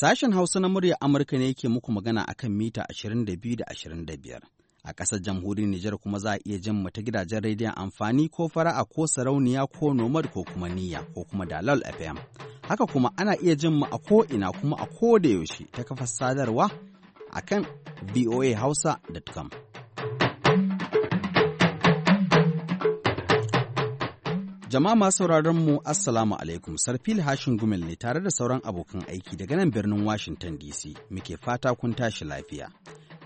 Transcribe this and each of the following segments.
Sashen Hausa na murya Amurka ne yake muku magana akan mita 22 da 25. A ƙasar jamhuriyar Nijar kuma za a iya jin mu ta gidajen rediyon amfani ko fara'a ko sarauniya ko nomad ko kuma niyya ko kuma dalal FM. Haka kuma ana iya jin mu a ko'ina kuma a ko da yaushe ta kafar sadarwa akan voahausa.com. Jama'a masu sauraron mu Assalamu alaikum Sarfil Hashin Gumel ne tare da sauran abokan aiki daga nan birnin Washington DC muke fata kun tashi lafiya.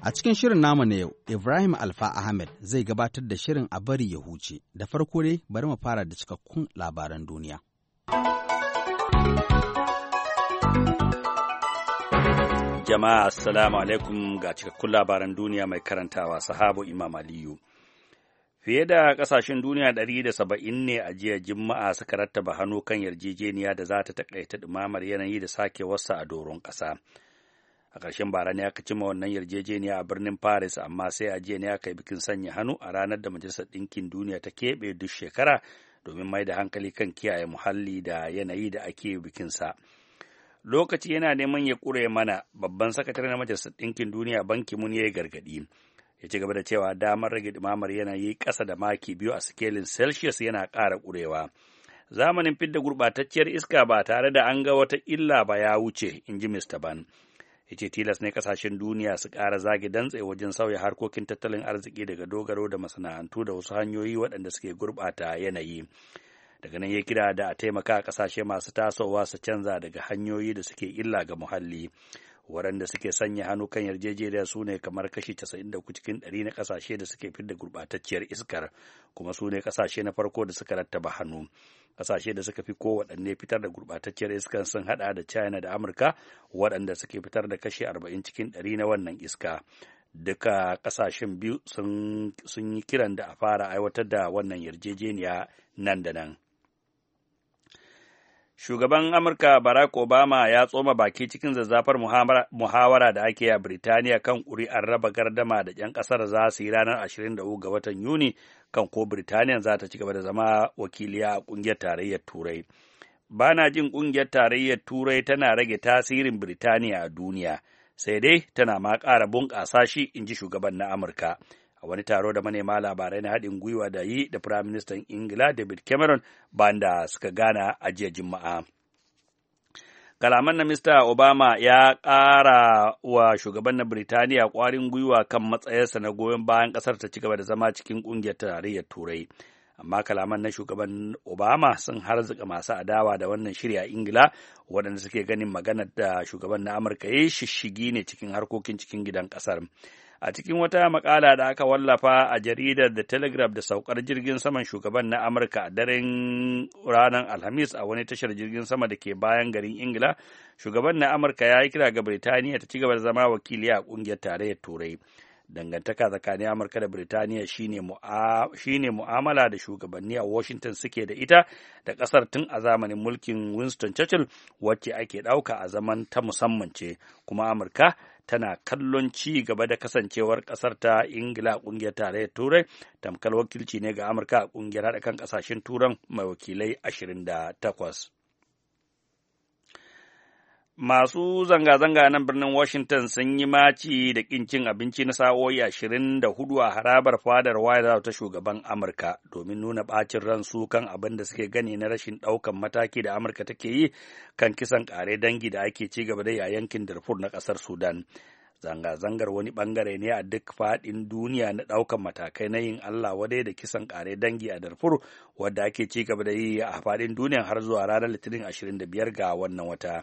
A cikin shirin namu na yau, Ibrahim Alfa Ahmed zai gabatar da shirin a bari ya huce. Da farko dai bari mu fara da cikakkun labaran duniya. Jama'a Assalamu alaikum ga cikakkun labaran duniya mai karantawa sahabo Imam Aliyu. Fiye da ƙasashen duniya da saba'in ne a jiya Juma'a suka rattaba hannu kan yarjejeniya da za ta takaita ɗumamar yanayi da sakewarsa a doron ƙasa. A ƙarshen bara ne aka cima wannan yarjejeniya a birnin Paris amma sai a jiya ne aka yi bikin sanya hannu a ranar da Majalisar Ɗinkin Duniya ta keɓe duk shekara domin mai da hankali kan kiyaye muhalli da yanayi da ake bikin sa Lokaci yana neman ya ƙure mana babban sakatare na Majalisar Ɗinkin Duniya Banki Mun ya yi gargaɗi. ya ci gaba da cewa damar rage dumamar yanayi ƙasa da maki biyu a sikelin celsius yana ƙara ƙurewa zamanin fidda gurbatacciyar iska ba tare da an ga wata illa ba ya wuce in ji mr ban ya ce tilas ne ƙasashen duniya su ƙara zage dantse wajen sauya harkokin tattalin arziki daga dogaro da masana'antu da wasu hanyoyi waɗanda suke gurɓata yanayi daga nan ya kira da a taimaka ƙasashe masu tasowa su canza daga hanyoyi da suke illa ga muhalli waɗanda suke sanya hannu kan yarjejeniya su ne kamar kashi 93 cikin 100 na kasashe da suke fidda gurɓatacciyar iskar kuma su ne kasashe na farko da suka rattaba hannu kasashe da suka fi ko waɗanne fitar da gurbatacciyar iskar sun hada da china da amurka waɗanda suke fitar da kashi 40 cikin 100 na wannan iska duka kasashen biyu sun yi kiran da a fara aiwatar da wannan yarjejeniya nan da nan shugaban amurka barack obama ya tsoma baki cikin zazzafar muhawara da ake a birtaniya kan ƙuri'ar raba gardama da 'yan ƙasar za su yi ranar 23 ga watan yuni kan ko birtaniya za ta ci gaba da zama wakiliya a ƙungiyar tarayyar turai ba na jin ƙungiyar tarayyar turai tana rage tasirin birtaniya a duniya sai dai tana ma ƙara bunƙasa shi in ji shugaban na amurka a wani taro da manema labarai na haɗin gwiwa da yi da firaministan ingila david cameron banda suka gana a jiya juma'a kalaman na Mista Obama ya ƙara wa shugaban na Birtaniya ƙwarin gwiwa kan matsayarsa na goyon bayan ƙasar ta ci gaba da zama cikin ƙungiyar tarayyar Turai. Amma kalaman na shugaban Obama sun harzika masu adawa da wannan shirya Ingila waɗanda suke ganin maganar da shugaban na Amurka ya shishigi ne cikin harkokin cikin gidan ƙasar. a cikin wata makala da aka wallafa a jaridar The Telegraph da saukar jirgin saman shugaban na Amurka a daren ranar Alhamis a wani tashar jirgin sama da ke bayan garin Ingila, shugaban na Amurka ya yi kira ga Birtaniya ta ci gaba da zama wakili a kungiyar tarayyar Turai. Dangantaka tsakanin Amurka da Birtaniya ne mu'amala da shugabanni a Washington suke da ita da ƙasar tun a zamanin mulkin Winston Churchill wacce ake ɗauka a zaman ta musamman ce, kuma Amurka tana kallon ci gaba da kasancewar ƙasar ta ingila ƙungiyar tarayyar turai tamkar wakilci ne ga amurka a ƙungiyar haɗa kan ƙasashen turan mai wakilai ashirin da takwas Masu zanga-zanga nan birnin Washington sun yi maci da ƙin cin abinci na sa'o'i ashirin da hudu a harabar fadar White House ta shugaban Amurka domin nuna ɓacin ransu kan abin da suke gani na rashin ɗaukan mataki da Amurka take yi kan kisan ƙare dangi da ake ci gaba da a yankin Darfur na ƙasar Sudan. Zanga-zangar wani ɓangare ne a duk faɗin duniya na ɗaukan matakai na yin Allah wadai da kisan ƙare dangi a Darfur wadda ake ci gaba da yi a faɗin duniya har zuwa ranar Litinin biyar ga wannan wata.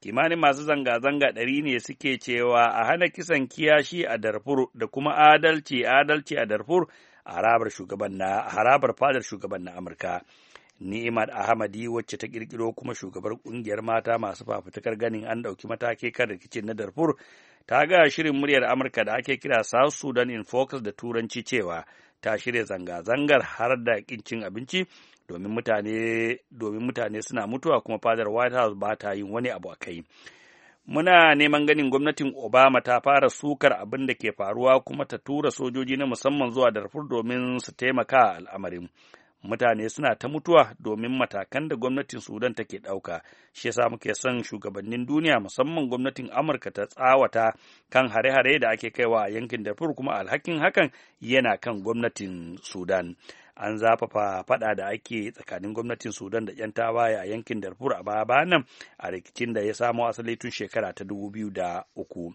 kimanin masu zanga-zanga ɗari ne suke cewa a hana kisan kiyashi a Darfur da kuma adalci adalci a Darfur a harabar shugaban na harabar fadar shugaban na Amurka. Ni'imar Ahmadi wacce ta kirkiro kuma shugabar kungiyar mata masu fafutukar ganin an ɗauki matake kan rikicin na Darfur ta ga shirin muryar Amurka da ake kira South Sudan in Focus da Turanci cewa ta shirya zanga-zangar har da cin abinci domin mutane domin mutane suna mutuwa kuma fadar white house ba ta yin wani abu a kai muna neman ganin gwamnatin obama ta fara sukar abin da ke faruwa kuma ta tura sojoji na musamman zuwa darfur domin su taimaka a al'amarin mutane suna ta mutuwa domin matakan da gwamnatin sudan take ɗauka shi yasa muke son shugabannin duniya musamman gwamnatin amurka ta tsawata kan hare-hare da ake kaiwa a yankin darfur kuma alhakin hakan yana kan gwamnatin sudan an zafafa fada da ake tsakanin gwamnatin sudan da 'yan tawaye a yankin darfur a baya nan a rikicin da ya samo asali tun shekara ta dubu biyu da uku.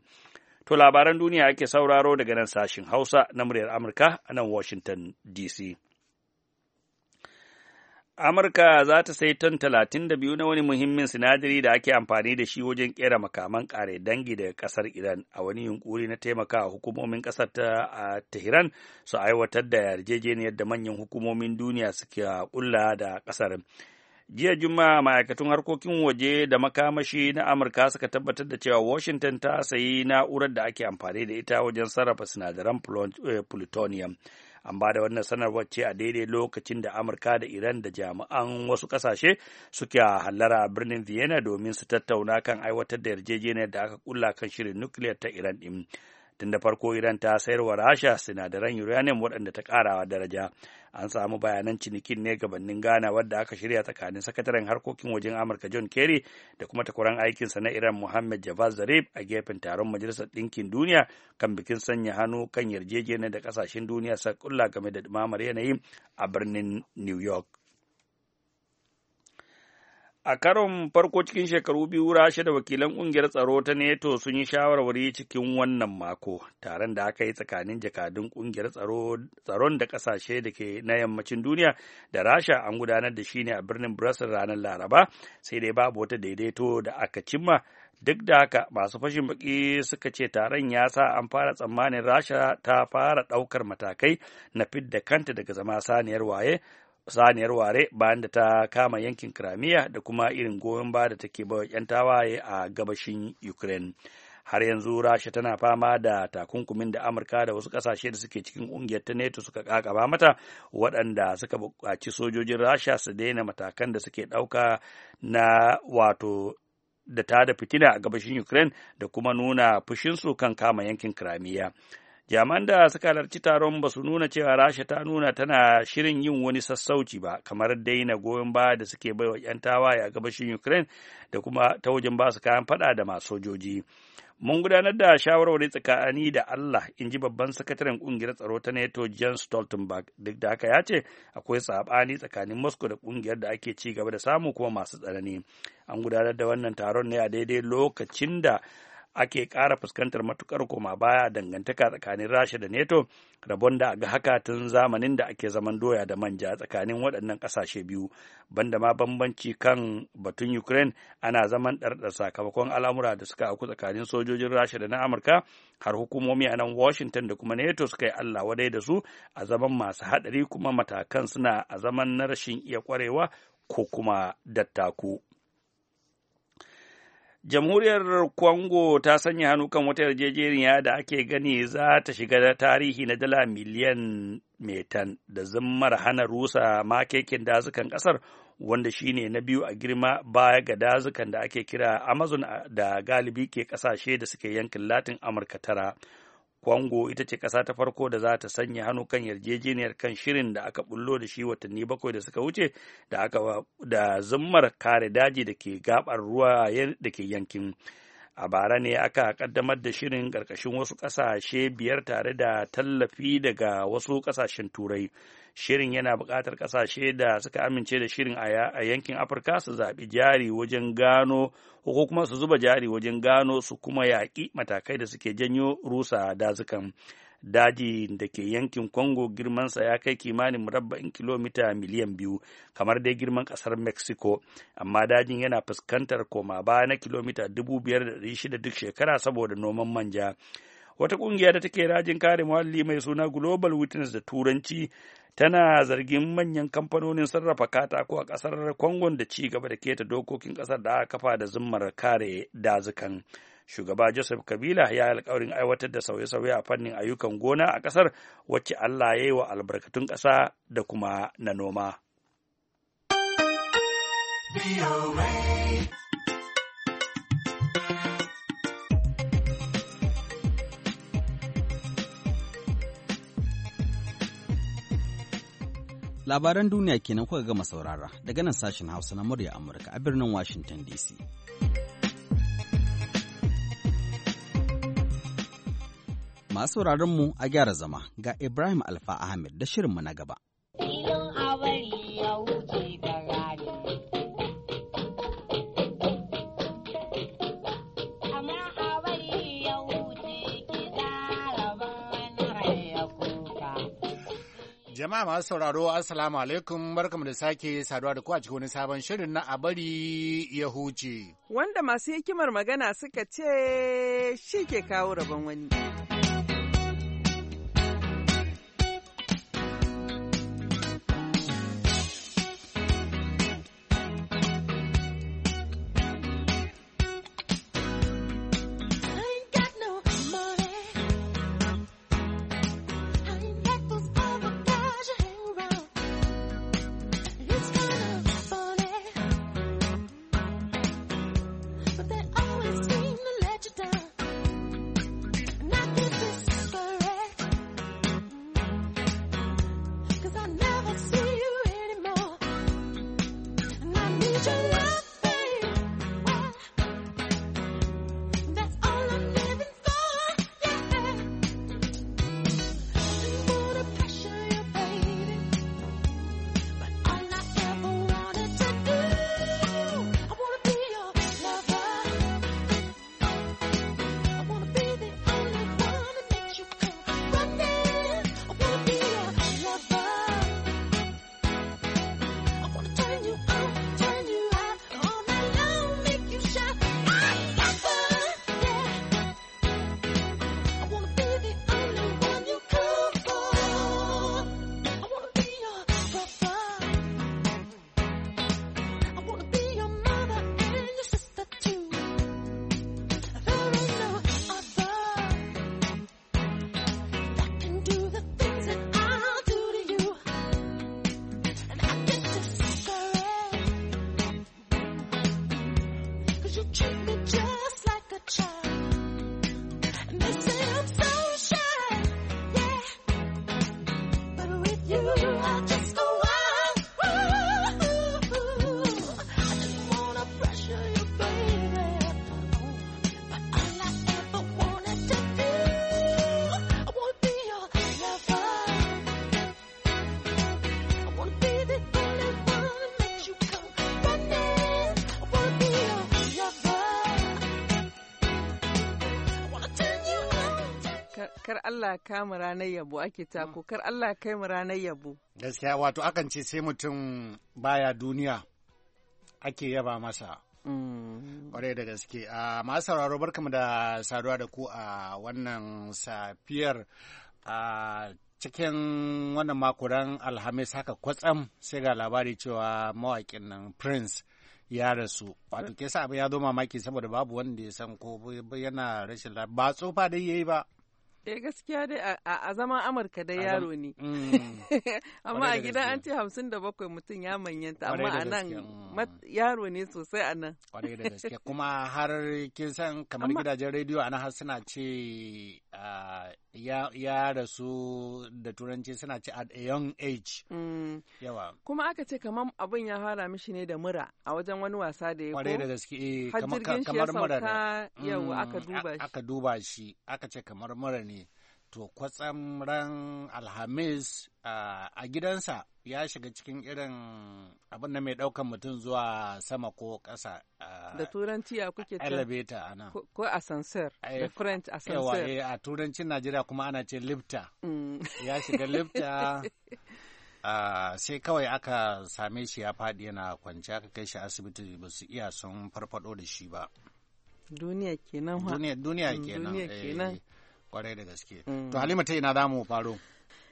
to labaran duniya ake sauraro daga nan sashin hausa na muryar amurka a nan washington dc Amurka za ta sai ton talatin da biyu na wani muhimmin sinadari da ake amfani da shi wajen kera makaman kare dangi daga kasar Iran a wani yunkuri na taimakawa hukumomin kasar ta a Tehran su aiwatar da yarjejeniyar da manyan hukumomin duniya suke kulla da kasar. jiya juma'a ma'aikatun harkokin waje da makamashi na amurka suka tabbatar da cewa washington ta sayi na'urar da ake amfani da ita wajen sarrafa sinadaran plutonium eh, an ba da wannan sanarwar ce a daidai lokacin da amurka da iran da jami'an wasu kasashe suke hallara a birnin vienna domin su tattauna kan aiwatar da yarjejeniyar da aka kulla kan shirin nukiliyar ta iran din tun da farko iran ta sayar wa rasha sinadaran uranium waɗanda ta karawa daraja an samu bayanan cinikin ne gabanin ghana wadda aka shirya tsakanin sakataren harkokin wajen amurka john kerry da kuma takwaran aikinsa na iran muhammad javad zarif a gefen taron majalisar ɗinkin duniya kan bikin sanya hannu kan yarjejeniyar da ƙasashen duniya sa kulla game da ɗumamar yanayi a birnin new york A karon farko cikin shekaru biyu Rashe da wakilan ƙungiyar tsaro ta NETO sun yi shawarwari cikin wannan mako, taron da aka yi tsakanin jakadun ƙungiyar tsaron da ƙasashe da ke na yammacin duniya da rasha an gudanar da shi ne a birnin Brussels ranar Laraba, sai dai babu wata daidaito da aka cimma duk da haka masu fashin baki suka ce taron ya sa an fara tsammanin rasha ta fara ɗaukar matakai na fidda kanta daga zama saniyar waye saniyar ware bayan da ta kama yankin kramiya da kuma irin goyon ba da take ba 'yan tawaye a gabashin ukraine har yanzu rasha tana fama da takunkumin da amurka da wasu kasashe da suke cikin kungiyar ta neto suka kakaba mata waɗanda suka buƙaci sojojin rasha su daina matakan da suke ɗauka na wato da ta da fitina a gabashin ukraine da kuma nuna fushinsu kan kama yankin kramiya jami'an da suka halarci taron ba su nuna cewa rasha ta nuna tana shirin yin wani sassauci ba kamar daina goyon baya da suke bai wa 'yan tawaye a gabashin ukraine da kuma ta wajen ba su kayan fada da masu sojoji mun gudanar da shawarwari tsakani da Allah in ji babban sakataren kungiyar tsaro ta NATO Jens Stoltenberg duk da haka ya ce akwai sabani tsakanin Moscow da kungiyar da ake ci gaba da samu kuma masu tsanani an gudanar da wannan taron ne a daidai lokacin da ake ƙara fuskantar matukar koma baya dangantaka tsakanin rasha da neto rabon da ga haka tun zamanin da ake zaman doya da manja tsakanin waɗannan ƙasashe biyu banda ma bambanci kan batun ukraine ana zaman ɗarɗar sakamakon al'amura da suka aku tsakanin sojojin rasha da na amurka har hukumomi a nan washington da kuma neto suka yi allah wadai da su a zaman masu haɗari kuma matakan suna a zaman na rashin iya kwarewa ko kuma dattaku. jamhuriyar Congo ta sanya hannu kan wata yarjejeniya da ake gani za ta shiga tarihi na dala miliyan metan da zimmar hana rusa makekin dazukan kasar wanda shine na biyu a girma baya ga dazukan da ake kira amazon da galibi ke kasashe da suke yankin latin amurka tara Kwango ita ce ƙasa ta farko da za ta sanya hannu kan yarjejeniyar kan shirin da aka bullo da shi watanni bakwai da suka wuce da zumar kare daji da ke gabar ruwa da ke yankin. a bara ne aka kaddamar da shirin ƙarƙashin wasu ƙasashe biyar tare da tallafi daga wasu ƙasashen turai shirin yana buƙatar ƙasashe da suka amince da shirin a yankin afirka su zaɓi jari wajen gano ko kuma su zuba jari wajen gano su kuma yaƙi matakai da suke janyo rusa dazukan daji da ke yankin congo girmansa ya kai kimanin murabba'in kilomita miliyan biyu kamar dai girman ƙasar mexico amma dajin yana fuskantar koma baya na kilomita dubu biyar da shida duk shekara saboda noman manja wata ƙungiya da take rajin kare muhalli mai suna global witness da turanci tana zargin manyan kamfanonin sarrafa katako a ƙasar kongon da ci gaba da keta dokokin ƙasar da aka kafa da zummar kare dazukan. shugaba joseph kabila ya yi alkawarin aiwatar da sauye-sauye a fannin ayyukan gona a ƙasar wacce allah ya yi wa albarkatun ƙasa da kuma na noma Labaran duniya kenan kuka gama saurara daga nan sashen Hausa na murya Amurka a birnin Washington DC. Masu mu a gyara zama ga Ibrahim Alfa Ahmed da shirinmu na gaba. Jama'a masu sauraro, Assalamu alaikum, barkamu da sake saduwa da ku cikin wani sabon shirin na a ya huce. Wanda masu hikimar magana suka ce shi ke kawo rabon wani. Allah ka mu ranar yabo ake ta mm. kokar Allah kai mu ranar yabo gaskiya wato akan ce sai mutum baya duniya ake yaba masa mm. kwarai da gaske a masu sauraro barkamu da saduwa da ku a wannan safiyar a cikin wannan makuran alhamis haka kwatsam sai ga labari cewa mawaƙin nan prince ya rasu wato ke sa abin ya zo mamaki saboda babu wanda ya san ko yana rashin ba tsofa dai yayi ba eh gaskiya dai a zaman amurka dai yaro ne mm. amma a gida an ce hamsin da bakwai mutum ya manyanta amma a nan yaro ne sosai a nan kwarai da gaske kuma har kin san kamar gidajen rediyo a nan har suna ce ya rasu da turanci suna ce at a young age mm. yawa kuma aka ce kamar abin ya fara mishi ne da mura a wajen wani wasa da ya ko da gaske eh, kamar mura ne yawa aka mm, duba shi aka duba shi aka ce kamar mura ne to kwatsam ran alhamis a gidansa ya shiga cikin irin abin da mai ɗaukan mutum zuwa sama ko ƙasa da turanci ya kuke elevator ana ko ascensor da eh, french ascensor eh, a turancin najeriya kuma ana ce lifta mm. ya shiga lifta sai kawai aka same shi ya faɗi yana kwanci aka kai shi asibiti ba su iya sun farfado da shi ba duniya kenan duniya mm, kenan eh. kwarai da gaske to mm. halima ta ina zamu faro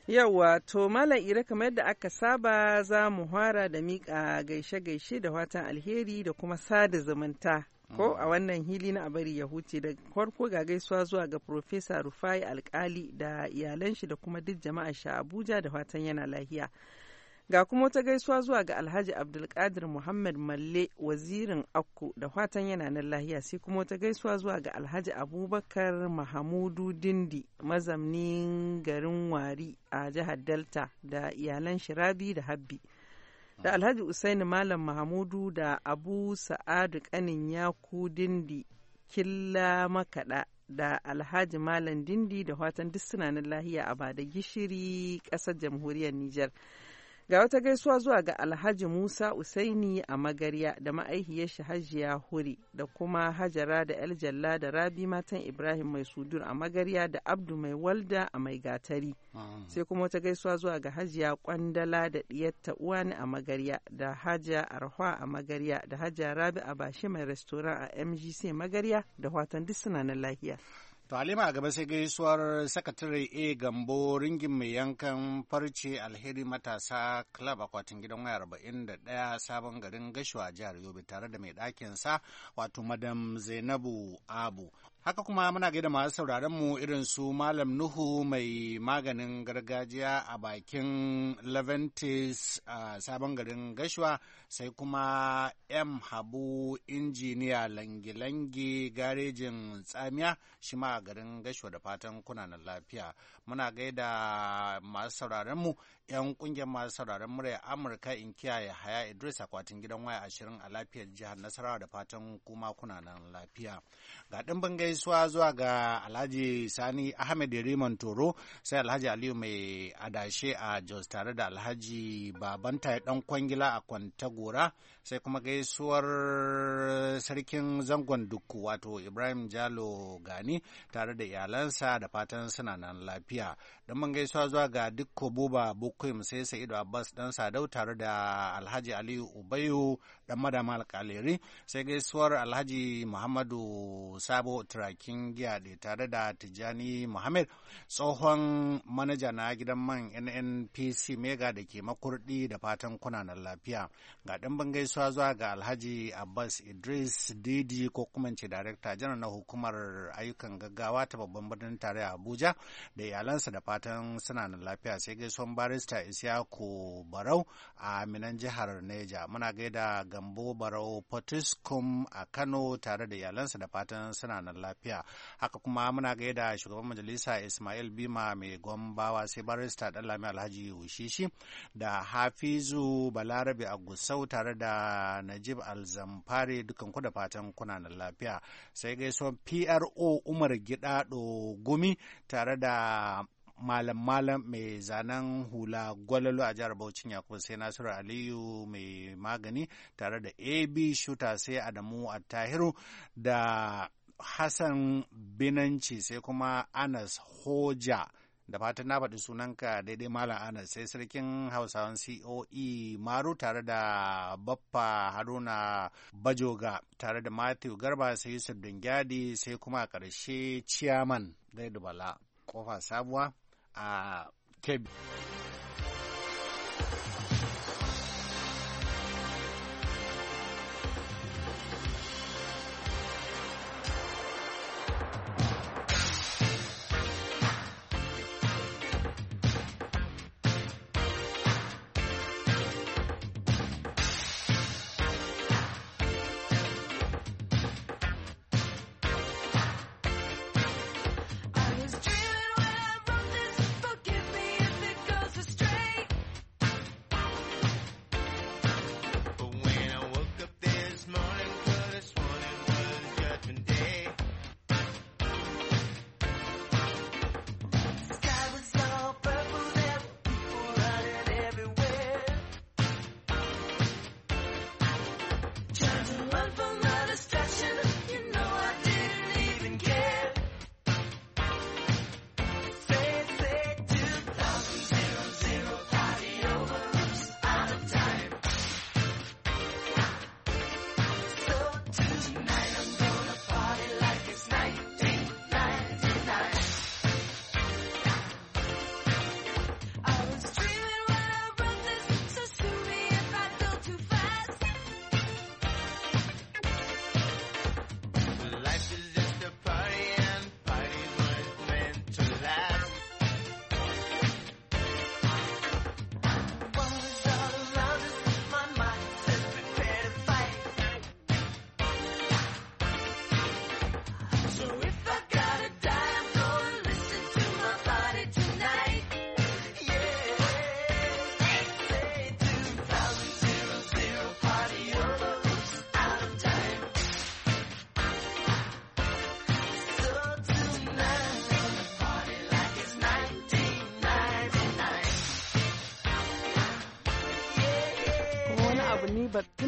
Yawwa to malam ira kamar yadda aka saba za mu hwara da miƙa gaishe-gaishe da watan alheri da kuma sada zumunta ko mm. a wannan hili na abari ya huce da farko ga gaisuwa zuwa ga profesa rufai alkali da iyalan shi da kuma duk jama'a sha abuja da watan yana lahiya Ga kuma wata gaisuwa zuwa ga Alhaji Abdulkadir Muhammad Malle wazirin Akko da watan yana nan lahiya sai kuma wata gaisuwa zuwa ga Alhaji Abubakar Mahamudu Dindi mazamnin garin Wari a jihar Delta da iyalan Shirabi da Habbi. da alhaji usaini malam mahamudu da abu sa'adu kanin yaku dindi killa makaɗa da alhaji malam dindi da watan duk suna lahiya a bada gishiri ƙasar jamhuriyar nijar Ga wata gaisuwa zuwa ga Alhaji Musa Usaini a Magarya da ma'aihiyar Hajiya Huri da kuma Hajara da El Jalla da Rabi matan Ibrahim Mai Sudur a Magarya da Abdu Mai Walda a Mai Gatari. Ah. Sai kuma wata gaisuwa zuwa ga Hajiya Kwandala da Diyatta Uwani a Magarya da Hajiya Arhwa a Magarya da Hajiya Rabi a Bashi Mai Restoran a MGC Magarya da watan duk suna na lahiya. To Halima a gaba sai gaisuwar sakatare A Gambo ringin mai yankan farce alheri matasa club akwatin gidan waya arba'in da ɗaya sabon garin gashuwa jihar Yobe tare da mai ɗakin sa wato madam Zainabu Abu. Haka kuma muna gaida masu sauraron mu irin su Malam Nuhu mai maganin gargajiya a bakin Leventis a sabon garin Gashwa sai kuma M Habu injiniya langi-langi garejin tsamiya shi ma garin Gashwa da fatan kunanan lafiya. Muna gaida masu sauraron mu 'yan kungiyar masu sauraron murya amurka in kiyaye haya idris akwatin gidan waya ashirin a lafiyar jihar nasarawa da fatan kuma kuna nan lafiya ga ɗimbin gaisuwa zuwa ga alhaji sani ahmed Yariman toro sai alhaji aliyu mai adashe a jos tare da alhaji babanta ya ɗan kwangila a kwantagora sai kuma gaisuwar sarkin zangon dukku wato ibrahim jalo gani tare da iyalansa da fatan suna nan lafiya don man gaisuwa zuwa ga dukko buba bukuim sai sa'idu abbas dan sadau tare da alhaji aliyu ubayu dan madama alkaleri sai gaisuwar alhaji muhammadu sabo turakin giyade tare da tijjani muhammad tsohon manaja na gidan man nnpc mega da ke makurdi da fatan kuna nan lafiya ga ɗan gaisuwa zuwa ga Alhaji Abbas Idris Didi ko kuma ce Darekta Janar na Hukumar Ayyukan Gaggawa ta babban birnin tarayya Abuja da iyalansa da fatan suna nan lafiya sai gaisuwan barista isyaku Barau a Minan jihar Neja. Muna gaida Gambo Barau Potiskum a Kano tare da iyalansa da fatan suna nan lafiya. Haka kuma muna gaida shugaban majalisa Ismail Bima mai gombawa sai barista dan lami Alhaji ushishi da Hafizu Balarabe Agusau tare da Najib Alzamfari dukan ku da fatan kuna nan lafiya. Sai gaisuwar PRO Umar Gidado Gumi tare da malam-malam mai zanen hula gwalalo a jihar bauchi Yakubu sai Nasiru Aliyu mai magani tare da AB Shuta sai Adamu Attahiru da Hassan Binanci sai kuma Anas Hoja. da fatan na faɗi sunanka daidai malam ana sai sarkin hausawan coe maru tare da baffa haruna bajoga tare da matthew garba sai yusuf dungyadi sai kuma a ƙarshe ciyaman da bala ƙofa sabuwa a kebbi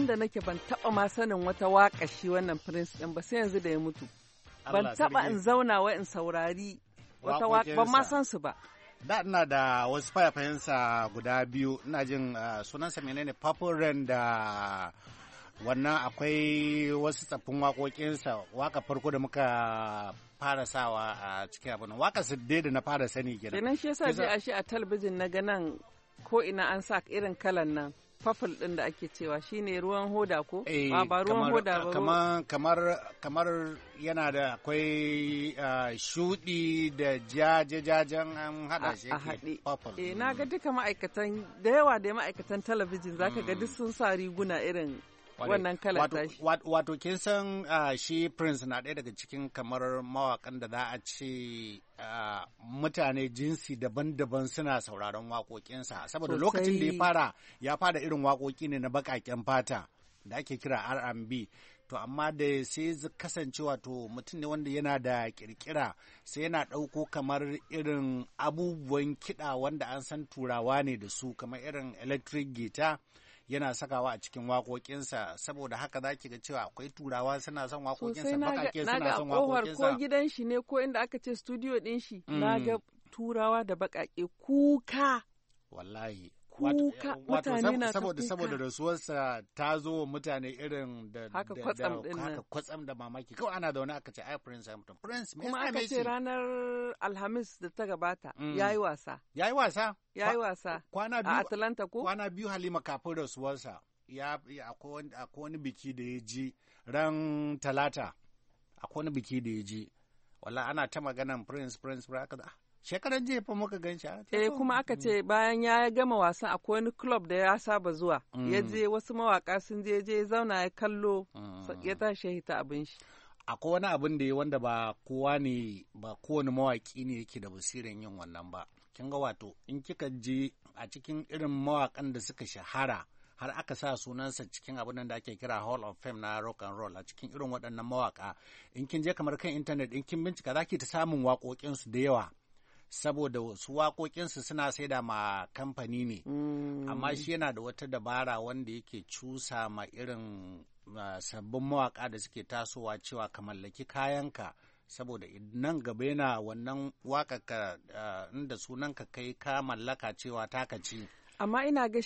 tun da nake ban taɓa ma sanin wata waka shi wannan prince din ba sai yanzu da ya mutu ban taɓa in zauna wa in saurari wata waka ban ma san su ba da ina da wasu fayafayensa guda biyu ina jin ah, sunansa menene purple rain da wannan akwai wasu tsaffin waƙoƙinsa waka farko da muka fara sawa a cikin abin waka sidde da na fara sani kenan kenan shi yasa je a shi a talabijin na ganan ko ina an sa irin kalan nan fafil din da ake cewa shine ruwan hoda ko eh, ba ba ruwan hoda ba ah, kamar kamar kamar yana da akwai ah, shudi da jaje jajen an hada shi yake purple eh na ga duka ma'aikatan da yawa da ma'aikatan talabijin zaka ga mm. duk sun sa riguna irin wannan kala ta wato kin san ah, shi prince na ɗaya daga cikin kamar mawakan da za a ce ah, mutane jinsi daban-daban suna sauraron waƙoƙinsa saboda lokacin da ya fara ya fara irin waƙoƙi ne na baƙaƙen fata da ake kira R&B to amma da sai kasance wato mutum ne wanda yana da kirkira sai yana ɗauko kamar irin abubuwan kiɗa wanda an san turawa ne da su kamar irin electric guitar yana sakawa a cikin waƙoƙinsa saboda haka za ki ga cewa akwai turawa suna son waƙoƙinsa baƙaƙe suna son waƙoƙinsa ko gidan shi ne ko inda aka ce studio din shi na mm. ga turawa da baƙaƙe kuka wallahi kuka mutane na saboda saboda rasuwarsa ta zo wa mutane irin da haka kwatsam din haka kwatsam da mamaki kawai ana da wani aka ce ai prince Hamilton prince me kuma aka ce ranar alhamis da ta gabata mm. yayi wasa yayi wasa yayi wasa kwana biyu a Atlanta ko kwana biyu Halima kafin rasuwarsa ya akwai wani biki da ya ji ran talata akwai wani biki da ya ji wala ana ta maganan prince prince prince shekaran jiya fa muka gan shi eh kuma aka ce bayan ya gama wasan akwai wani club da ya saba zuwa mm. ya je wasu mawaka sun je je zauna ya kallo mm. ya tashi hita abin shi akwai wani abin da wanda ba kowa ne ba kowane mawaki ne yake da basirin yin wannan ba kin ga wato in kika je a cikin irin mawakan da suka shahara har aka sa sunansa cikin abin da ake kira hall of fame na rock and roll a cikin irin waɗannan mawaka in kin je kamar kan intanet in kin bincika za ki ta samun waƙoƙinsu da yawa saboda su waƙoƙinsu suna saida ma kamfani ne mm. amma shi yana da wata dabara wanda yake cusa ma irin sabbin mawaƙa da suke tasowa cewa ka mallaki kayanka saboda nan gaba yana wannan waƙa ah, inda sunanka kai ka mallaka cewa taka ce amma ina ga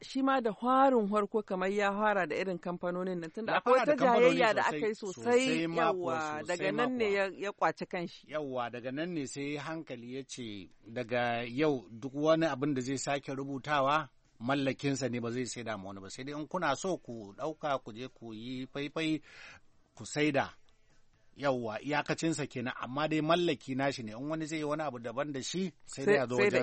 shi ma da harin harko kamar ya fara da irin kamfanonin nan da akwai wata jayayya da aka yi sosai yawa daga nan ne ya kwaci kanshi yawa daga nan ne sai hankali ya ce daga yau duk wani abin da zai sake rubutawa mallakinsa ne ba zai saida ma wani ba sai dai in kuna so ku ɗauka ku je ku yi faifai ku saida yawwa iyakacinsa kenan amma dai mallaki nashi ne in wani zai yi wani abu daban da shi sai da ya zo sai da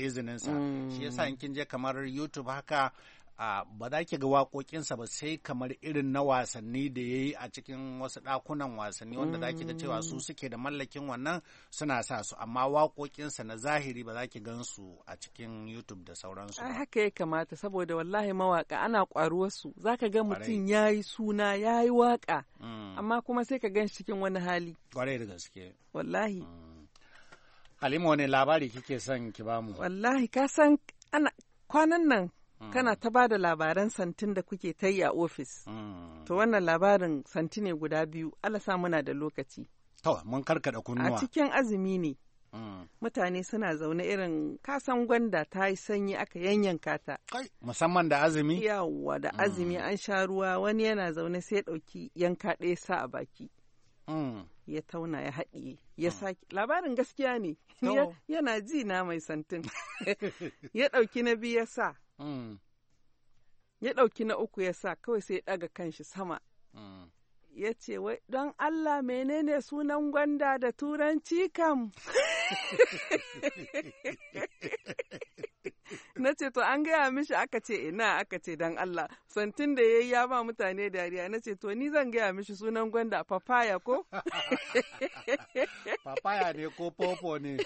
izinin sa shi yasa mm. in kin je kamar YouTube haka a ba za ki ga waƙoƙinsa ba sai kamar irin na wasanni da ya yi a cikin wasu ɗakunan wasanni wanda za ki ga cewa su mm. suke da mallakin wannan suna sa su amma waƙoƙinsa na zahiri ba za ki gan su a cikin YouTube da sauransu. Ai haka ya kamata saboda wallahi mawaƙa ana su. za ka ga mutum ya yi suna ya yi waƙa mm. amma kuma sai ka gan shi cikin wani hali. Ƙwarai da gaske. Wallahi. Mm. Halima wani labari kike son ki bamu? Wallahi ka san ana kwanan nan Mm. kana ta ba da labaran santin da kuke ta yi a ofis mm. to wannan labarin santi ne guda biyu alasa muna da lokaci to mun karkada kunnuwa a cikin azumi ne mm. mutane suna zaune irin kasan gwanda ta yi sanyi aka yanyanka ta musamman da azumi yawwa da azumi an sha ruwa wani yana zaune sai ya ɗauki yanka ɗaya sa a baki ya tauna ya haɗiye ya sake labarin gaskiya ne yana ji na mai santin ya ɗauki na biyu ya sa Mm. ya ɗauki na uku ya sa kawai sai ya ɗaga kanshi sama mm. ya ce wai don Allah menene sunan gwanda da turanci kam na ce to an gaya mishi aka ce ina aka ce dan Allah santin da yayi ya ba mutane dariya na ce to ni zan gaya mishi sunan gwanda papaya ko papaya ne ko popo ne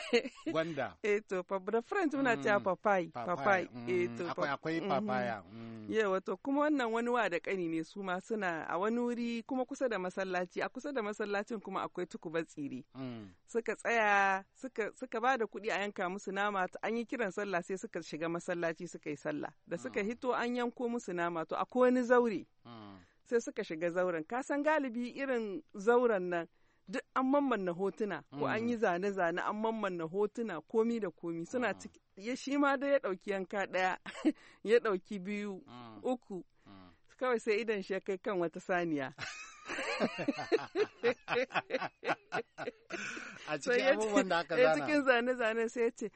gwanda eh to da french muna mm. cewa papai papai mm. eh to akwai mm-hmm. papaya mm. yawa to kuma wannan wani wa da kani ne su ma suna a wani wuri kuma kusa da masallaci a kusa da masallacin kuma akwai tukuba tsiri suka tsaya suka ba da kuɗi a yanka musu nama an yi kiran sallah sai suka shiga masallaci suka yi sallah da suka mm. hito an yanko musu nama to akwai wani zaure mm. sai suka shiga zauren kasan galibi irin zauren nan duk an mammanna hotuna ko an mm. yi zane-zane an mammanna hotuna komi da komi suna ciki ya shi ma da ya ɗauki yanka ɗaya ya ɗauki biyu uku kawai sai idan shi ya kai kan wata saniya a cikin abubuwan da aka zana cikin zane-zane sai ya ce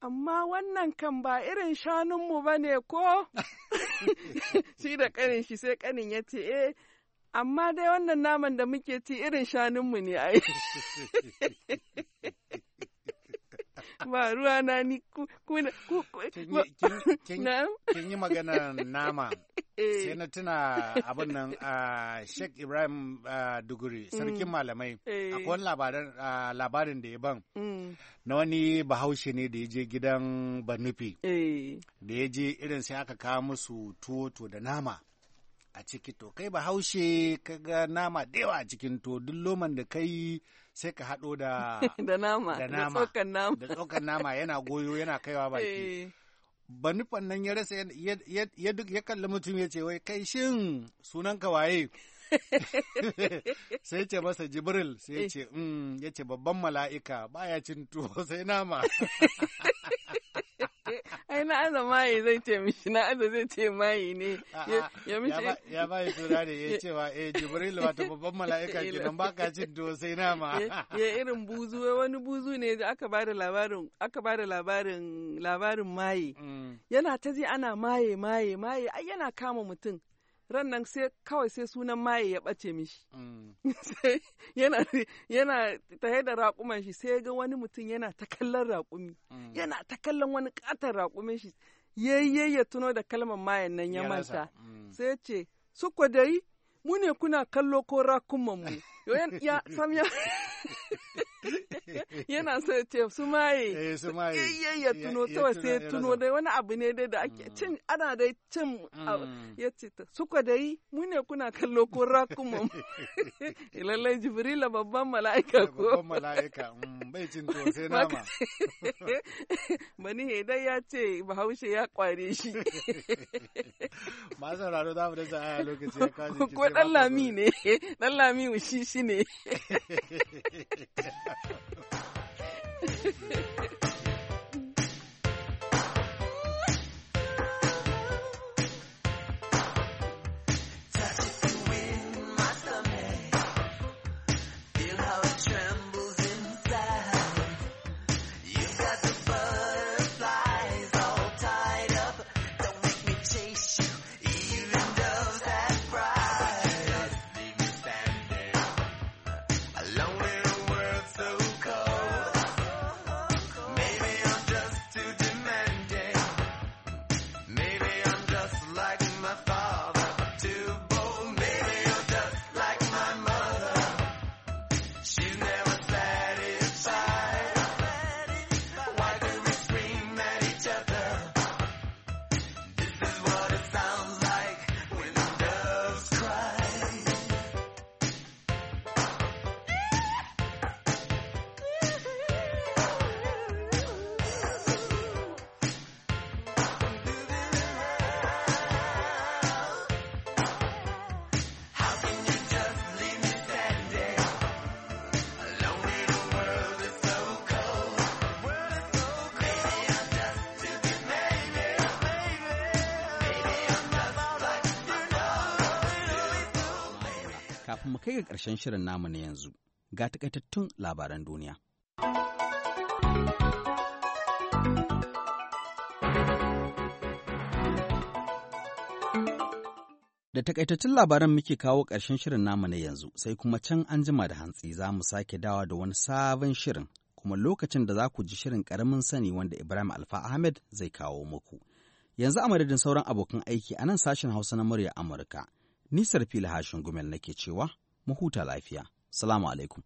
amma wannan kan ba irin shanunmu ba ne ko? Shi da ƙanin shi sai ƙanin ya ce, eh, amma dai wannan naman da muke ci irin shanunmu ne ai. ba ruwa na ni kuna ku kin yi magana nama eh. sai na tuna abin nan ah, Sheikh Ibrahim ah, Duguri mm. sarkin malamai eh. akwai labarin ah, labarin da ya ban mm. na wani bahaushe ne da ya je gidan Banufi eh. da ya je irin sai aka kawo musu tuwo to da nama a ciki to kai ba haushe ga nama da yawa a cikin to duk loman da kai sai ka haɗo da da nama da tsokan nama da tsokan nama yana goyo yana kaiwa baki eh. ba nufan nan ya rasa ya duk ya kalli mutum ya ce wai kai shin sunan ka waye sai ce masa jibril sai ce eh. mm, ya ce babban mala'ika baya cin tuwo sai nama ai na aza mai zai ce mishi na aza zai ce mai ne ya mishi ya ya tura da ya cewa eh jibril wato babban mala'ika kenan baka cin to sai nama ya irin buzu wani buzu ne da aka bada labarin aka bada labarin labarin maye mm. yana ta ji ana maye maye maye ai yana kama mutum ran nan sai kawai sai sunan maye ya ɓace mishi. Mm. yana yana tahe da raƙuman shi sai ga wani mutum yana ta kallon raƙumi. Mm. Yana ta kallon wani ƙaton raƙumin shi. Yayye ya tuno da kalmar mayan nan ya manta. Mm. Sai ce, su dai mu ne kuna kallo ko ya, Sam ya yana so ya ce su maye eh, su eh, ya tuno ta sai ya tuno dai wani abu ne dai da ake mm. cin ana dai cin mm. ya ce suka dai mu ne kuna kallo ko rakumun lallai jibrila babban mala'ika ko babban mala'ika mm, bai cin to sai nama bani hedai ya ce bahaushe ya kware shi masu sauraro za mu da sa'a lokaci ya kawo ko dan lami ne dan lami shi ne フフフフ。mu kai ga ƙarshen shirin namu na yanzu ga takaitattun labaran duniya. Da takaitattun labaran muke kawo ƙarshen shirin namu na yanzu sai kuma can an jima da hantsi za mu sake dawa da wani sabon shirin kuma lokacin da za ku ji shirin ƙaramin sani wanda Ibrahim Alfa Ahmed zai kawo muku. Yanzu a madadin sauran abokan aiki a nan sashen Hausa na murya Amurka. Nisar fili hashin gumel nake cewa, mu huta lafiya. Salamu alaikum.